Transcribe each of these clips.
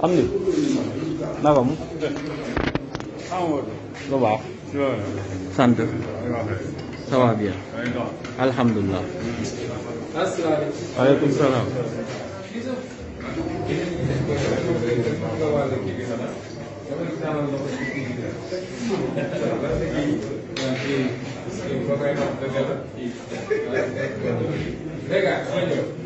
Amni, na vamos. Aonde? No bar. Santo. Sawabia. Alhamdulillah. Alaikum salam. Legal, olha.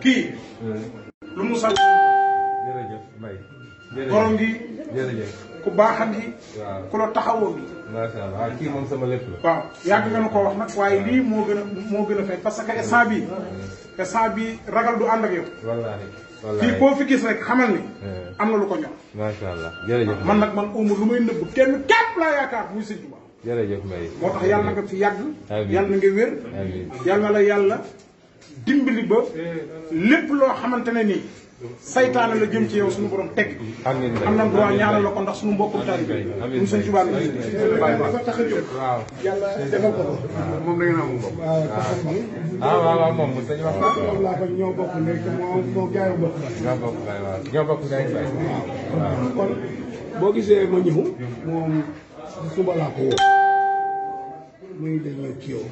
kii lu mu sax jërëjëf Mbaye borom gi jërëjëf ku baaxan yi ku la taxawoo bi macha ah, moom sama lépp la waaw yàgg nga nu ko wax nag waaye lii moo gën a moo gën a fay parce que instant bii hmm. instant bii ragal du ànd ak yow fii koo fi gis rek xamal ni hmm. am na lu ko ñor macha allah jërëjëf man nag man umu lu may nëbb kenn képp laa yaakaar muy sëñ Tuubaa moo tax yàlla na fi yàgg yàlla na wér yàlla la yàlla dimbali ba lepp lo xamantene ni nii la jëm ci yow suñu borom tek am na droit ñaanal la ko ndax suñu mbokkum taalibe bi ñu sëñ Tuubaa bi dafa tax a jóg yàlla defal ko mom moom da ngeen am mbokk ah waaw waaw moom sëñ wax moom laa ko ñoo bokk nek moo ko gaay bokk ñoo bokk gaay waaw ñoo bokk gaay baay waaw kon boo gisee ma ñëw mom suba la ko woo muy dañu ci yow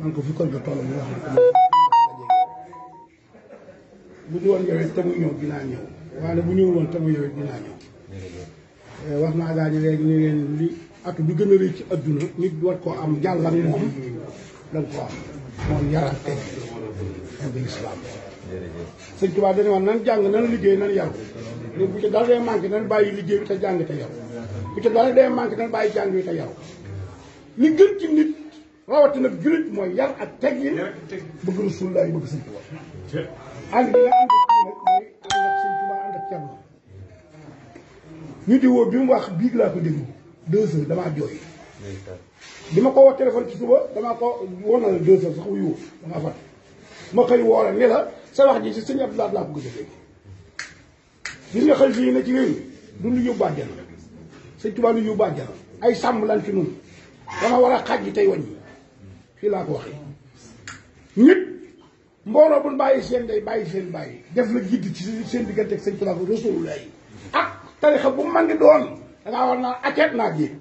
man ko fu ko nga toll mu wax ko bu ñu woon yow it te ñëw dinaa ñëw waaye bu ñëw woon te mu yow dinaa ñëw eh, wax naa gaa ñi léegi leen li atu bi gën a rëy ci adduna nit war koo am jàll ak moom ko am moom yar ak teg ak lislaam sëñ Tuubaa dañu wax nan jàng nan liggéey nan bu ca dara dee manqué nan bàyyi liggéey bi te jàng bu ca dara dee manqué nan bàyyi jàng bi te yaru li gën ci ak teg yi bëgg Rasulullaah bëgg sëñ Tuubaa ànd bi nga ànd ak nag mooy ànd di woo bi mu wax biig laa ko déglu damaa jooy bi ma ko wax téléphone ci suba damaa ko woon na la deux heures sax wuyu damaa fàtte ma xëy woo la ne sa wax ji si sëñ Abdou Lahad laa ko gën a dégg gis nga xëy fii ne ci réew du ñu yóbbu àjjana sëñ Tuubaa ñu yóbbu àjjana ay sàmm lan ci noonu dama war a xaaj ji tey wàññi fii laa ko waxee mbooloo buñ bàyyi seen day bàyyi seen bàyyi def la jidd ci seen diggante ak sëñ Tuubaa bu Rasulullah yi ak tarixa bu man di doon dangaa war naa aceet naa jéeg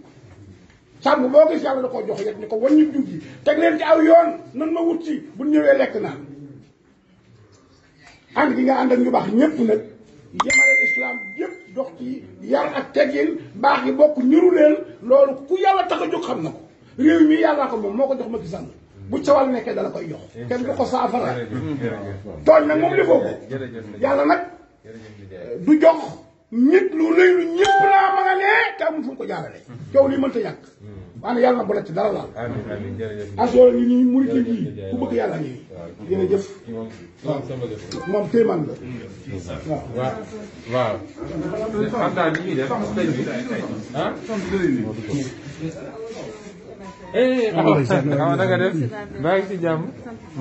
sàmm boo gis yàlla da koo jox yet ni ko wàññi jug yi teg leen ci aw yoon nan ma wut si bu ñëwee lekk naa ànd gi nga ànd ak ñu baax ñépp nag yemale islam yépp dox ci yar ak teggin baax ngi bokk ñuru leen loolu ku yàlla tax a jóg xam na ko réew mi yàllaa ko moom moo ko jox ma ki sàmm bu cawal nekkee dala koy jox kenn du ko saafara tooñ nag moom defoo ko yàlla nag du jox nit lu lay lu ñëpp laa ma nga nee te amul fu ko jaarale coow lii mënta yàq hmm. maanaam yàlla na bu la ci dara laal a yi nii murit yi ku bëgg yàlla nii dina jëf moom téemaan la waaw waaw xaw eh, ah, ah, nga def maa ngi si jàmm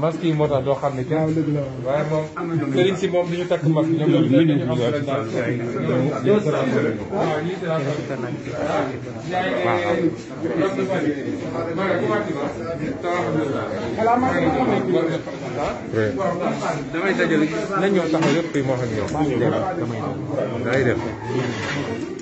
masque yi moo tax doo xam ne kenn waaye moom sëriñ si moom duñu takk masque ñoom ñoom ñu am damay dajale nañ ñoo taxaw yëpp